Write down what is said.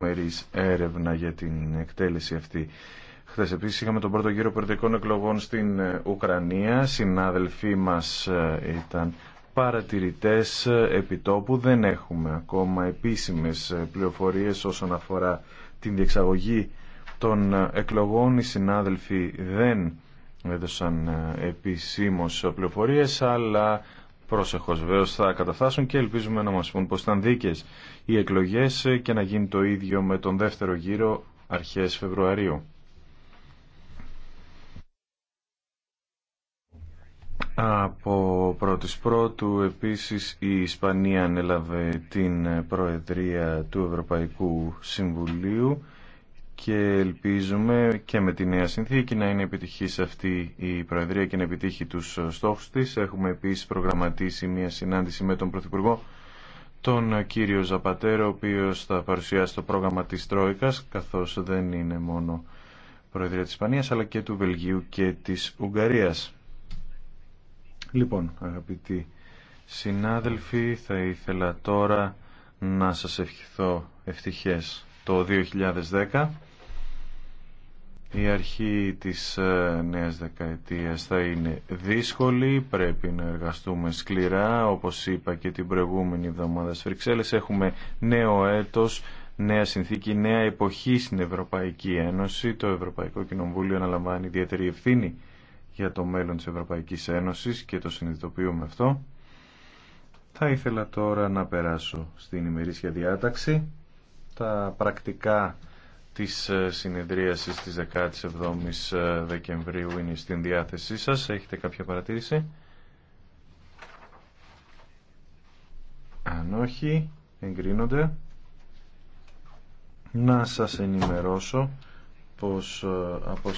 μερής έρευνα για την εκτέλεση αυτή. Χθε επίσης είχαμε τον πρώτο γύρο πολιτικών εκλογών στην ε, Ουκρανία. Συνάδελφοί μας ε, ήταν παρατηρητές ε, επιτόπου. Δεν έχουμε ακόμα επίσημες πληροφορίες όσον αφορά την διεξαγωγή των εκλογών. Οι συνάδελφοι δεν έδωσαν επισήμως πληροφορίες, αλλά Πρόσεχος βεβαίω θα καταφτάσουν και ελπίζουμε να μας πούν πώ ήταν δίκες οι εκλογές και να γίνει το ίδιο με τον δεύτερο γύρο αρχές Φεβρουαρίου. Από πρώτης πρώτου επίσης η Ισπανία ανέλαβε την Προεδρία του Ευρωπαϊκού Συμβουλίου και ελπίζουμε και με τη νέα συνθήκη να είναι επιτυχής αυτή η Προεδρία και να επιτύχει τους στόχους της. Έχουμε επίσης προγραμματίσει μια συνάντηση με τον Πρωθυπουργό τον κύριο Ζαπατέρο, ο οποίος θα παρουσιάσει το πρόγραμμα της Τρόικας, καθώς δεν είναι μόνο Προεδρία της Ισπανίας, αλλά και του Βελγίου και της Ουγγαρίας. Λοιπόν, αγαπητοί συνάδελφοι, θα ήθελα τώρα να σας ευχηθώ ευτυχές το 2010. Η αρχή της ε, νέας δεκαετίας θα είναι δύσκολη, πρέπει να εργαστούμε σκληρά, όπως είπα και την προηγούμενη εβδομάδα στις Φρυξέλλες. Έχουμε νέο έτος, νέα συνθήκη, νέα εποχή στην Ευρωπαϊκή Ένωση. Το Ευρωπαϊκό Κοινοβούλιο αναλαμβάνει ιδιαίτερη ευθύνη για το μέλλον της Ευρωπαϊκής Ένωσης και το συνειδητοποιούμε αυτό. Θα ήθελα τώρα να περάσω στην ημερήσια διάταξη. Τα πρακτικά της ε, συνεδρίασης της 17ης ε, Δεκεμβρίου είναι στην διάθεσή σας. Έχετε κάποια παρατήρηση? Αν όχι, εγκρίνονται. Να σας ενημερώσω πως ε, από